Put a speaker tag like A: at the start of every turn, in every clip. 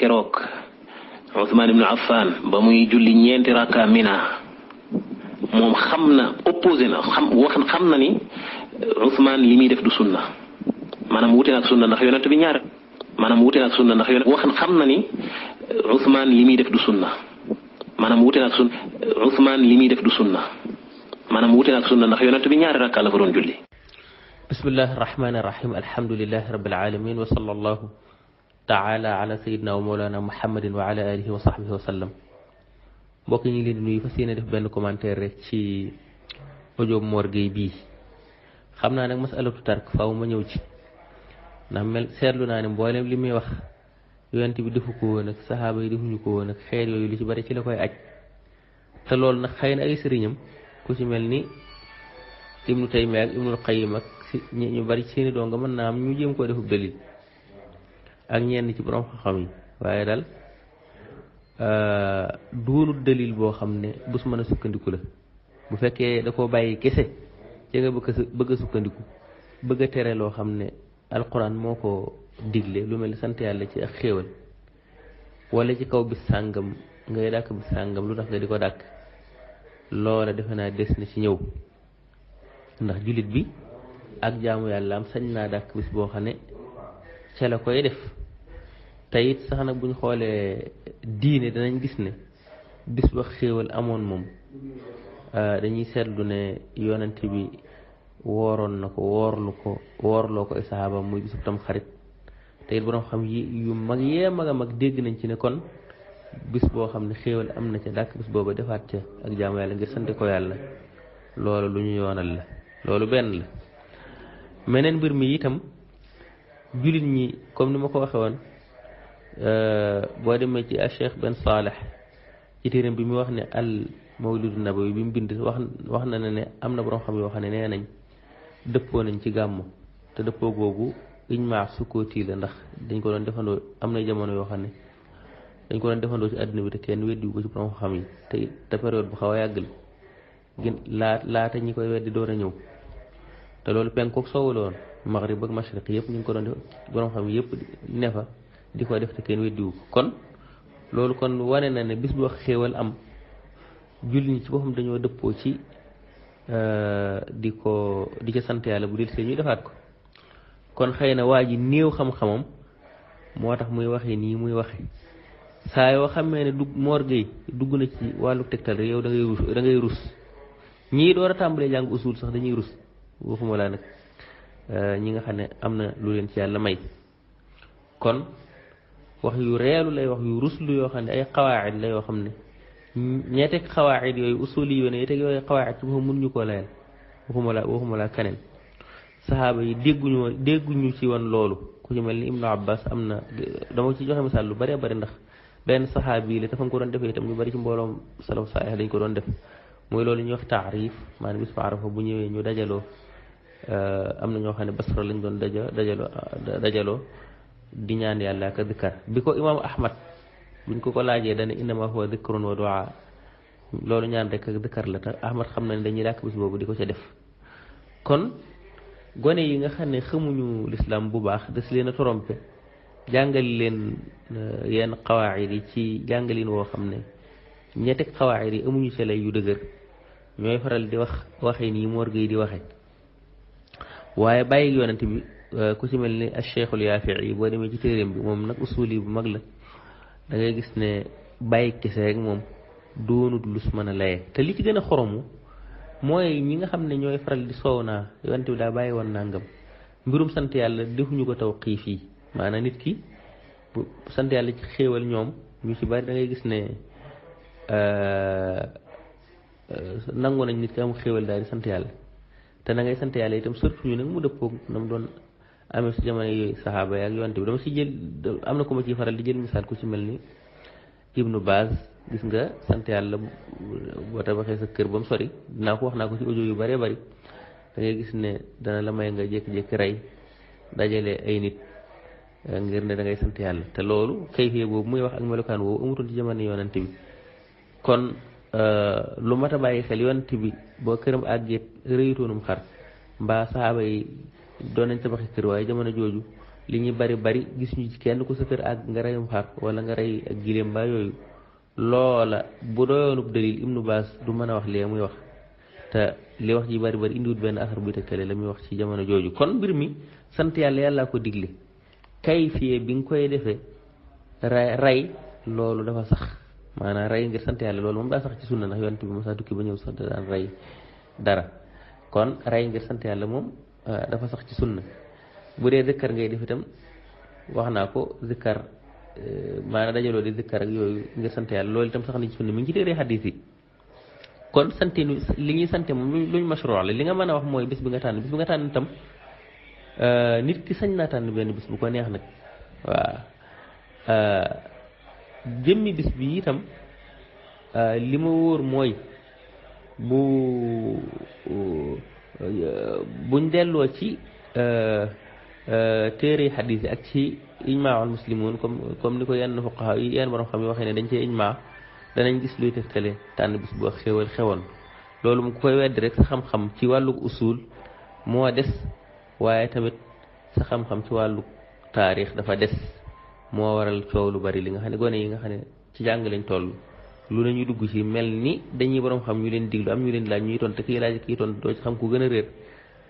A: keroog Ousmane ibnu Affan ba muy julli ñeenti rakka Mina moom xam na opposé na xam wax xam na ni euh, Ousmane li muy def du sunna maanaam wute na ak sunna ndax yonent bi ñaar maanaam wute na ak sunna ndax yonent wax xam na ni euh, Ousmane li muy def du sunna maanaam wute na ak sunna euh, Ousmane li muy def du sunna maanaam wute na ak sunna ndax yonent bi ñaari rakka la fa doon julli. bismillahi rahmaani rahim alhamdulilahi rabbil alamin wa sallallahu taala ala sayidina wa mawlana muhammadin wa ala alihi wa sahbihi wa sallam mbokk ñu ngi leen di nuyu fas yéene def benn commentaire rek ci audio Mor Gueye bii xam naa nag masalatu tark ma ñëw ci ndax mel seetlu naa ne mboolem li muy wax yonent bi defu ko woon ak saxaaba yi defuñu yooyu lu ci bari ci la koy aj te loolu nag xëy na ay sëriñam ku ci mel ni ibnu Taymiya ak ibnul Qayyim ak ñu bari seeni doon nga mën naa am ñu jéem koo defu dalil ak ñenn ci borom xam-xam yi waaye daal euh, duulu dalil boo xam ne bés mën a sukkandiku la bu fekkee da koo bàyyi gese ci nga bëgg a sukkandiku bëgg a tere loo xam ne alxuraan moo ko digle lu mel ni sant yàlla ci ak xéewal wala ci kaw bis sàngam ngay dàkk bis sàngam lu tax nga di ko dàkk loola defe naa des na ci ñëw ndax jullit bi ak jaamu yàlla am sañ naa dàkk bis boo xam ne ca la koy def te it sax nag bu ñu xoolee diine danañ gis ne bis ba xéewal amoon moom euh, dañuy seetlu ne yonent bi wooroon na ko woorlu ko woorloo ko ay muy bisu tam xarit te it xam yi yu mag yee mag mag dégg nañ ci ne kon bis boo xam ne xéewal am na ca dàkk bis booba defaat ca ak jaamu yàlla ngir sant ko yàlla loolu lu ñu yoonal la loolu benn la meneen mbir mi itam jullit ñi comme ni ma ko waxe woon Euh, boo demee ci Cheikh Ben Saleh ci téeram bi mu wax ne al mawlidu nabawi bi mu bind wax wax na ne am na borom xam yoo xam ne nee nañ dëppoo nañ ci gàmmu te dëppoo googu ijmaa sukkooti la ndax dañ ko doon defandoo am na jamono yoo xam ne dañ ko doon defandoo ci àdduna bi te kenn weddi ko ci borom xam yi te te bu xaw a yàgg la laa laata ñi koy weddi door a ñëw te loolu penkook sowaloon maghrib ak mashriq yëpp ñu ngi ko doon def borom xam yëpp ne fa di ko def te kenn weddiwu ko kon loolu kon wane na ne bis boo xéewal am julli ñi ci boppam dañoo dëppoo ci euh, di ko di ca sant yàlla bu del see ñuy defaat ko kon xëy na waa ji néew xam-xamam moo tax muy waxe nii muy waxe saa yoo xamee ne dugg Mor Gueye dugg na ci wàllu tegtal rek yow da ngay rus da ngay rus ñii door a tàmbalee jàng usul sax dañuy rus waxuma laa nag euh, ñi nga xam ne am na lu leen ci yàlla may kon wax yu reelu lay wax yu ruslu yoo xam ne ay xawaacid la yoo xam ne ñee teg xawaacid yooyu usuli yoo ne ñee teg yooyu xawaacid ci boppam mënuñu layal waxuma la waxuma la keneen saxaaba yi dégguñu dégguñu ci won loolu ku ci mel ni Ibnu Abbas am na dama ci joxe misaal lu bëree bëri ndax benn saxaabi yi la dafa ko doon defee itam ñu bëri ci mbooloom salaf saalih dañ ko doon def mooy loolu ñuy wax taarif maanaam bis bu arafa bu ñëwee ñu dajaloo euh, am na ñoo xam ne basra lañ doon daja dajaloo dajaloo di ñaan yàlla ka dikkar bi ko imaamu ahmad buñ ko ko laajee dana innama huwa dikrun wa du'a loolu ñaan rek ak dikkar la te ahmad xam na ne dañuy dàkk bis boobu di ko ca def kon gone yi nga xam ne xamuñu lislaam bu baax des leen a trompé jàngali leen euh, yenn xawaayid yi ci jàngaliin woo xam ne ñetti xawaayid yi amuñu ci lay yu dëgër ñooy faral di wax waxin yi moor gi di waxe waaye bàyyi yonent bi ku ci mel ni Cheikhul Yaafi'i boo demee ci téeréem bi moom nag usuul yi bu mag la da ngay gis ne bàyyi kese rek moom doonut lus mën a laye te li ci gën a xoromu mooy ñi nga xam ne ñooy faral di soow naa yonent daa bàyyi woon nangam mbirum sant yàlla defuñu ko taw xiif yi maanaam nit ki bu sant yàlla ci xéewal ñoom ñu ci bari da ngay gis ne euh, euh, nangu nañ nit ki am xéewal daal di sant yàlla te na sant yàlla itam surtout ñu mu dëppoo na mu doon amee si jamono yooyu saxaaba yaak yonte bi dama si jël am na ku ma ciy faral di jël misaal ku ci mel ni ibnu baaz gis nga sant yàlla boo tabaxee sa kër ba mu sori dinaa ko wax naa ko ci audio yu bëree bëri da gis ne dana la may nga jékki-jékki rey dajale ay nit eh, ngir ne da ngay sant te loolu kayfee boobu muy wax ak melokaan boobu amutoon ci jamono yonante kon eh, lu mat a bàyyi xel yonante bi boo këram àggeet rëyutoonum xar mbaa saxaaba yi doon nañ tabaxi kër waaye jamono jooju li ñu bari bari gis ñu ci kenn ku sa kër ak nga rayum xar wala nga ray ak gilem ba yooyu loola bu doyoonub dalil ibnu baas du mën a wax lee muy wax te li wax ji bari bari indiwut benn asar buy tëkkale la muy wax ci jamono jooju kon mbir mi sant yàlla yàllaa ko digle kay bi nga koy defee ray loolu dafa sax maanaam ray ngir sant yàlla loolu moom daa sax ci sunna ndax yonent bi mosaa tukki ba ñëw sant daan ray dara kon ray ngir sant yàlla moom dafa sax ci sunna bu dee zikkar ngay def itam wax naa ko zikkar maanaam dajaloo di zikkar ak yooyu ngir sant yàlla loolu itam sax na ci sunna mi ngi ci téere xadis yi kon sante nu li ñuy sante moom luñ mashruu la li nga mën a wax mooy bis bi nga tànn bis bi nga tànn itam nit ki sañ naa tànn benn bis bu ko neex nag waaw jëmmi bis bi itam li ma wóor mooy bu Euh, buñ delloo ci euh, euh, téere xadis yi ak ci ijmaawal muslimun comme comme ni ko yenn fuqaha yi yenn xam yi waxee ne dañ cee ijmaa danañ gis luy tegtale tànn bis bu xéwal xewoon loolu mu koy weddi rek sa xam-xam ci wàllu usul moo des waaye tamit sa xam-xam ci wàllu taarix dafa des moo waral coow lu bari li nga xam ne gone yi nga xam ne ci jàng lañ toll lu ne ñu dugg ci mel ni dañuy borom xam ñu leen diglu am ñu leen laaj ñuy ton te kii laaj kii ton doo ci xam ku gën a réer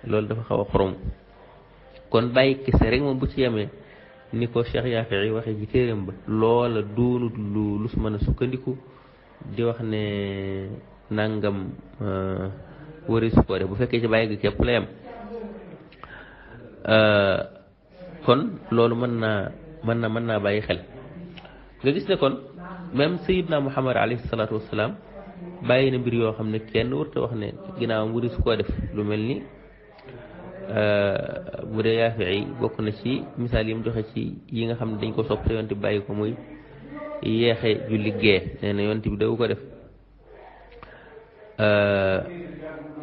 A: loolu dafa xaw a xorom kon bàyyi kese rek moom bu ci yemee ni ko Cheikh Yaafi waxee ci téeram ba loola doonut lu lu su mën a sukkandiku di wax ne nangam euh, wari su bu fekkee ci bàyyi gi képp la yem euh, kon loolu mën naa mën na mën naa bàyyi xel nga gis ne kon même Seydina Muhammad alayhi salaatu wasalaam bàyyi na mbir yoo xam ne kenn wërta wax ne ginnaawam wuri su koo def lu mel ni euh, bu dee yaafi bokk na ci misaal yi mu joxe ci yi nga xam ne dañ ko sopp te yonte bàyyi ko muy yeexe julli gee nee na yonte daw ko def euh,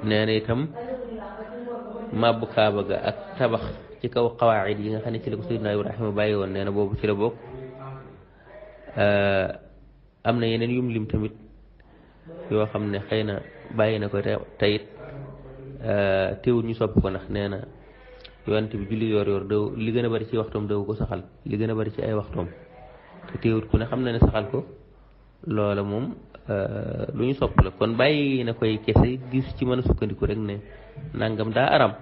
A: nee na itam màbbu kaaba ga ak tabax ci kaw xawaayid yi nga xam ne ci la ko Seydina Ibrahima bàyyi woon nee na boobu ci la bokk euh, am na yeneen yum lim tamit yoo xam ne xëy na bàyyi na ko tayit euh, teewul ñu sopp ko ndax nee na yonent bi julli yoor yoor daw li gën bari ci waxtoom daw ko saxal li gën bari ci ay waxtoom te teewut ku ne xam na ne saxal ko loola moom euh, lu ñu sopp la kon bàyyi na koy kese gis ci mën a sukkandiku rek ne nangam daa aram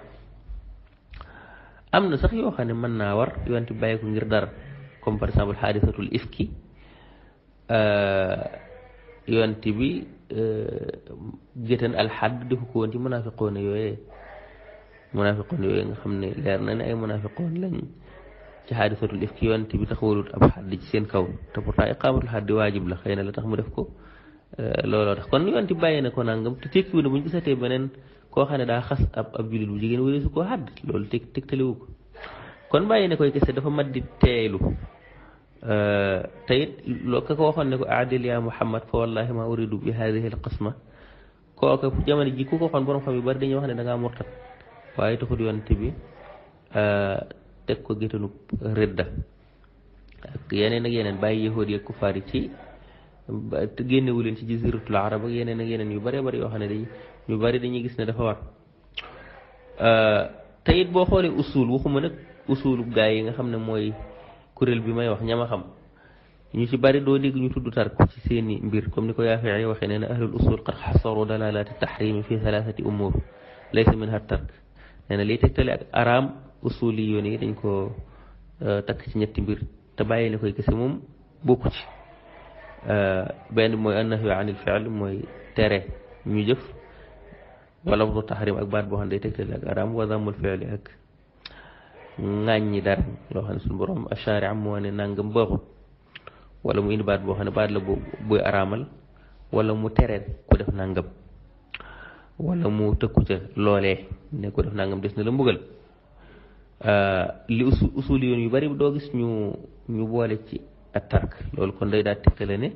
A: am na sax yoo xam ne mën naa war yonent bi bàyyi ko ngir dara comme par exemple xaadisatul ifki Euh, yonti bi euh, jëtan alxadd defu ko woon ci munafiqoon yooyee munafiqoon yooyee nga xam ne leer na ne ay munafiqoon lañ ci xaadisatul ifki yonent bi taxawalut ab xadd ci seen kaw te pourtant iqaamatul xaddi waajib la xëy na la tax mu def ko euh, looloo tax kon yonent bi bàyyi na ko nangam te tekkiwu ne koo xam ne daa xas ab ab jullit bu jigéen wala loolu teg tegtaliwu ko kon bàyyi na koy kese dafa mat di teelu te it loo ko waxoon ne ko aadil yaa Muhammad fa wallahi ma uridu bi hadihi al qisma kooka jamono ji ku ko yu bari dañuy wax ne da ngaa murtat waaye taxul yonent bi euh, teg ko géttanub rëdda ak yeneen ak yeneen bàyyi yi ak kufaar yi ci génnewu leen ci jaziratul arab ak yeneen ak yeneen yu bëree yoo xam ne dañuy ñu bëri dañuy gis ne dafa war euh, te boo xoolee usul waxuma nag usulu gaa yi nga xam ne mooy kuréel bi may wax ñama xam ñu ci bari doo dégg ñu tudd tarku ci seeni mbir comme ni ko yaafi'i waxee nee na ahlul usul qad xasaru dalalaati taxrimi fi thalathati umur laysa minha tark nee na liy tegtale ak araam usul yi yoon yi dañ ko takk ci ñetti mbir te bàyyi la koy kese moom bokku ci benn mooy annahyu anil fi'l mooy tere ñu jëf wala bu tahrim ak baat boo xam ne day tegtale ak araam wa zammul fi'li ak ŋàññi dara loo xam ne suñu borom ashari am moo ne nangam baaxut wala mu indi baat boo xam ne baat la bu buy araamal wala mu tere ku def nangam wala mu tëkku loole loolee ne ku def nangam des na la mbugal euh, li usul usul yoon yu bari doo gis ñu ñu boole ci at tark kon day daal teqale ne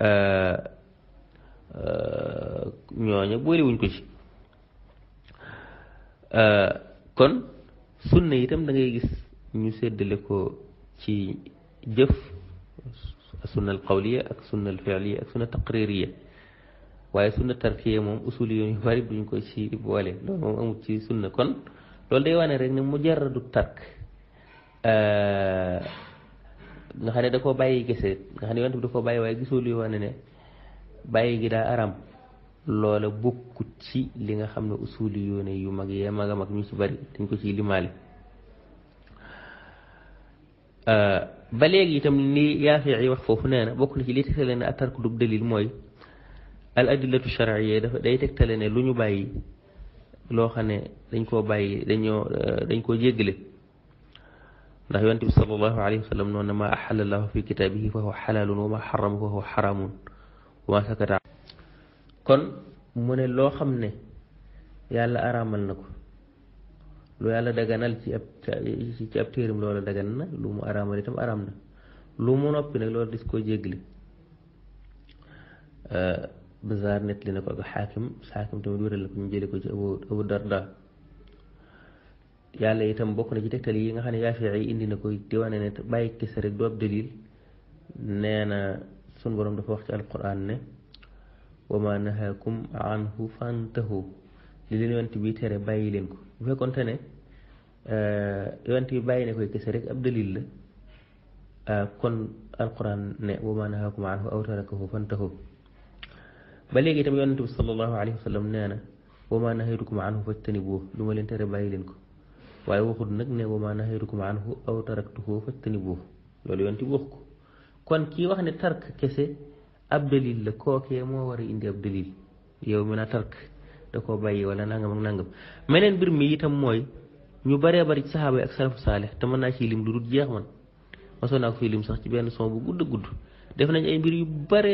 A: euh, euh, ñooña boolewuñ ko ci kon sunna itam da ngay gis ñu séddale ko ci jëf sunnal qawliya ak sunnal fi'liya ak sunna taqririya waaye sunna tarkiya moom usul yooyu bari duñ ko ci boole loolu moom amul ci sunna kon loolu day wane rek ne mujarradu tark euh, nga xam ne da koo bàyyi gese nga xam ne yonent bi da koo bàyyi waaye gisoo luy wane ne bàyyi gi daa aram loola bokkut ci li nga xam ne usuli yoone yu mag yee mag a mag ñu ci bari dañ ko ci limaale euh, ba léegi itam ni Yaafi'i wax foofu nee na bokk na ci li tegtale ne atarku dub dalil mooy al adillatu shar'iyya dafa day tegtale ne lu ñu bàyyi loo xam ne dañ koo bàyyi dañoo euh, dañ koo jéggale ndax yonent bi sallallahu alayhi wa sallam noonu ne maa fi kitaabihi fa huwa xalaalun wa maa xarama fa huwa xaraamun wa maa sakata kon mu ne loo xam ne yàlla araamal na ko lu yàlla daganal ci ab ci ab téeram loola dagan na lu mu araamal itam araam na lu mu noppi nag loolu dis koo jégli euh, bazaar nett li na ko ak xaakim xaakim tamit wéral la ko ñu jële ko ci abu abu darda yàlla itam bokk na ci tegtal yi nga xam ne yaafee yi indi na ko di wane ne bàyyi kese rek du ab dalil nee na sun borom dafa wax ci alquran ne wa ma nahaakum anhu fantahu li leen yonent bi tere bàyyi leen ko bu fekkoonte ne eh, yonent bi bàyyi ne koy kese rek ab dalil la eh, kon alquran ne wa ma nahaakum anhu aw tarakahu fantahu ba léegi itam yonent bi sallallahu alayhi wa sallam nee na ma nahaytukum anhu fajtanibuhu lu ma leen tere bàyyi leen ko waaye waxut nag ne wa ma nahaytukum anhu aw taraktuhu fajtanibuhu loolu yonent bi ko kon kii wax ne tark kese ab dalil la kookee moo war a indi ab dalil yow mi na tark da koo bàyyi wala nangam ak nangam meneen mbir mi itam mooy ñu baree bari ci saxaaba yi ak salafu saalih te mën naa ciy lim lu dul jeex man masoo naa ko fii lim sax ci bu gudd gudd def nañ ay mbir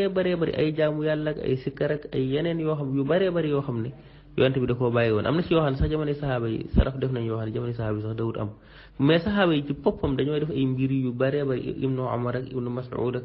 A: yàlla ak ay sikkar ak ay yeneen yoo xam yu baree ne bi da koo bàyyi woon am na ci yoo xam ne sax jamono saxaaba yi saraf def nañ yoo xam ne jamono saxaaba yi sax dawut am mais saxaaba yi ci boppam dañoo def ay mbir yu baree bari ibnu Umar ak ibnu Mas'ud ak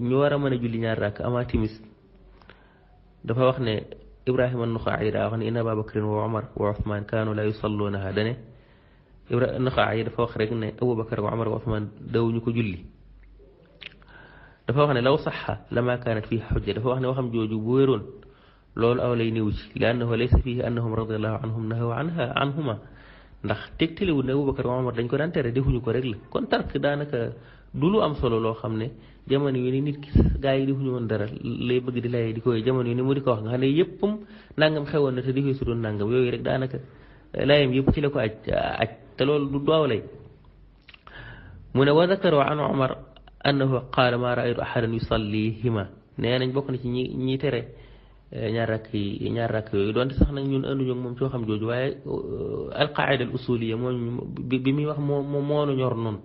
A: ñu war a a julli ñaar rakk ama timis dafa wax ne Ibrahima Naxaay daa wax ne inna Abaa Bakrin wa Omar wa Ousmane dafa wax ne Abubakar wa ko julli dafa wax ne law saxa lama kaanat fii xujja dafa wax ne waxam jooju bu wéroon loolu aw lay néew ci li annahu laysa fiihi annahum radiyallahu anhum nahaw anha anhuma ndax tegtaliwul ne Abubakar wa Omar dañ ko daan tere defuñu ko rek kon tark daanaka du lu am solo loo xam ne jamono yu nit ki gaa yi defuñu woon dara lay bëgg di laye di koy jamono yu ne mu di ko wax nga xam ne yëppam nangam xewoon na te di koy sudoon nangam yooyu rek daanaka layam yëpp ci la ko aj aj te loolu du doow lay mu ne wa dakaru an Umar annahu qaala maa raaytu ahadan yusallihima nee bokk na ci ñi ñi eh, ñaar rakk yi ñaar rakk yooyu sax nag ñun anduñu moom coo xam jooju waaye eh, alqaida al usuliya moo bi muy wax moo moonu ñor noonu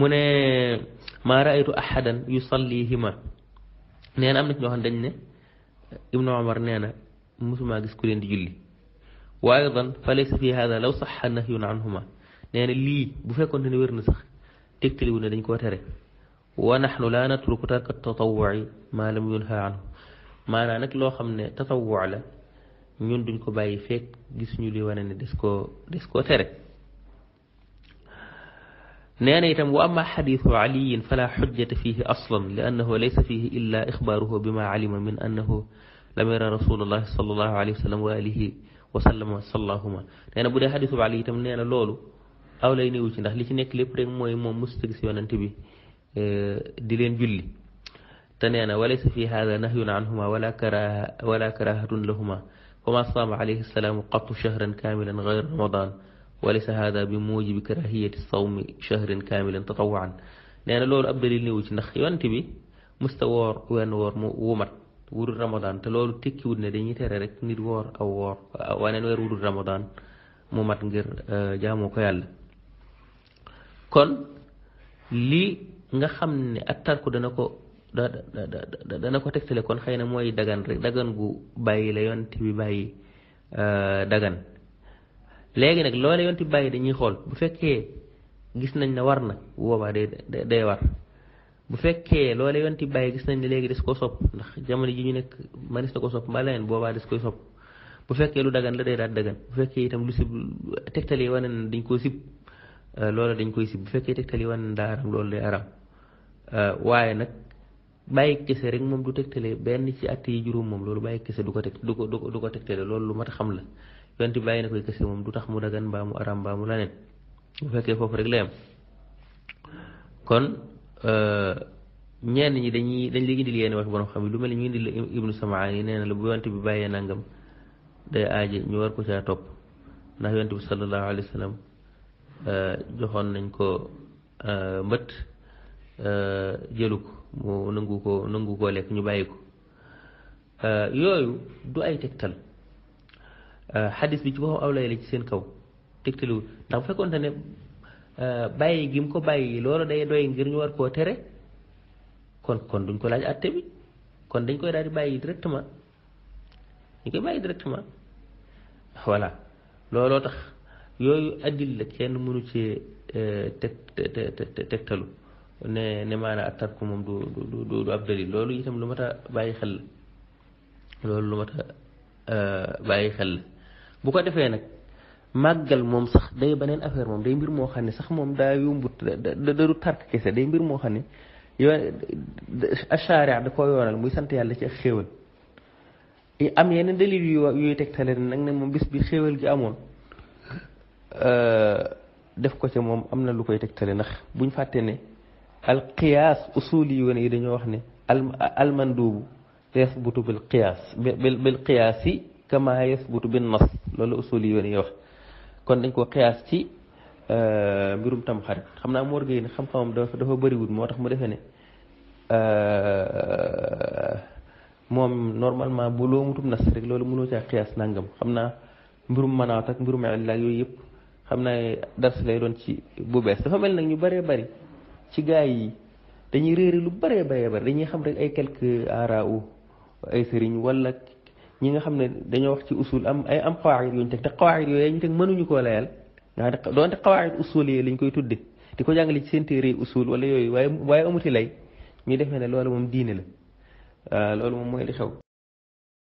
A: mune ma raaytu ahadan yusallihima neena amna am na ñoo xam dañ ne ibnu umar neena musuma gis ku leen di julli wa aydan fa laysa fi hadha law sahha nahyun anhuma neena li bu fekkon ni wërna na sax tegtaliwu ne dañ ko tere wa nahnu la natruku tak at tatawuci ma lam yunha anhu maanaam nag loo xam ne tatawuc la ñun duñ ko bàyyi fek gis ñu li wane ne des ko des ko tere نانيت وأما حديث علي فلا حجة فيه أصلا لأنه ليس فيه إلا إخباره بما علم من أنه لم يرى رسول الله صلى الله عليه وسلم وآله وسلم صلى الله عليه وسلم حديث علي تم نانا لولو أو ليني وش نخ ليش نك لبر مو مستقس وننتبه دلين جلي تنانا وليس في هذا نهي عنهما ولا كراهة ولا كراهة لهما وما صام عليه السلام قط شهرا كاملا غير رمضان walaysa hada bi muujibi karahiyati sawmi shahrin kaamilan tatawaan nee na loolu ab dalil niwu ci ndax yonent bi musta woor wenn woor mu wumat wudul ramadan te loolu tekkiwut ne dañuy tere rek nit woor aw woor waneen weer wudul ramadan mu mat ngir euh, jaamoo ko yàlla kon lii nga xam ne ak tarku dana ko ko tegtale kon xëy na mooy dagan rek dagan gu bàyyi la yonent bi bàyyi euh, dagan léegi nag loola yonti bàyyi dañuy xool bu fekkee gis nañ ne war na boobaa day day war bu fekkee loola yonti bàyyi gis nañ ne léegi des ko sopp ndax jamono ji ñu nekk manis na ko sopp mbaa leneen boobaa des koy sopp bu fekkee lu dagan la day daal dagan bu fekkee itam lu sib tegtal yi wane na dañ koo sib euh, loola dañ koy sib bu fekkee tegtal yi wane na daa aram loolu day aram euh, waaye nag bàyyi kese rek moom du tegtale benn ci at yi juróom moom loolu bàyyi kese du ko teg du ko du ko tegtale loolu lu mat xam la yonte bi bàyyi na koy kese moom du tax mu dagan mbaa mu aram mbaa mu laneen bu fekkee foofu rek lay am kon ñenn ñi dañuy dañ léegi indil yenn wax borom xam lu mel ñu indil ibnu samaani nee na la bu yonte bi bàyyee nangam day aaji ñu war ko caa topp ndax yonte bi sallallahu alayhi wa sallam joxoon nañ ko mbët jëlu ko mu nangu ko nangu koo lekk ñu bàyyi ko eh, yooyu du ay tegtal Euh, xadis bi ci boppam aw lay la seen kaw tegtalewul ndax bu fekkoonte ne euh, bàyyi gi ko bàyyi loolu day doy ngir ñu war koo tere kon kon duñ ko laaj atte kon dañ koy daal bàyyi directement ñu koy bàyyi directement voilà looloo tax yooyu addil kenn mënu cee euh, teg tegtalu ne ne maanaam ko moom du du du ab loolu itam lu mat a bàyyi xel la loolu lu mat a bàyyi xel bu ko defee nag màggal moom sax day beneen affaire moom day mbir moo xam ne sax moom daa yombut da du tark kese day mbir moo xam ne yow achariya da koo yoonal muy sant yàlla ci ak xéewal am yeneen dalil yu yuy tegtale nag ne moom bis bi xéewal gi amoon euh, def ko ca moom am na lu koy tegtale ndax buñ fàtte ne al qiyaas usul yi wane yi dañoo wax ne al yi kama yasbutu bin nas loolu usul yi yéen wax kon dañ koo xiyaas ci euh, mbirum tam xarit xam naa Mor Gueye ne xam dafa dafa bëriwul moo tax mu defee ne euh, moom normalement bu loo loolu mënoo caa xiyaas nangam xam naa mbirum manaat ak mbirum illaaj yooyu yëpp xam naa dars lay doon ci bu bees dafa mel nag ñu bëree bari ci gaay yi dañuy réere lu bëree bëree bëri dañuy xam rek ay ay sëriñ wala ñi nga xam ne dañoo wax ci usul am ay am xawaayit yuñ teg te xawaayit yooyu ñu teg mënuñu koo layal nga xam ne doonte xawaayit usul yi lañ koy tudde di ko jàngale ci seen téere usul wala yooyu waaye waaye amuti lay ñu defee ne loolu moom diine la euh, loolu moom mooy li xew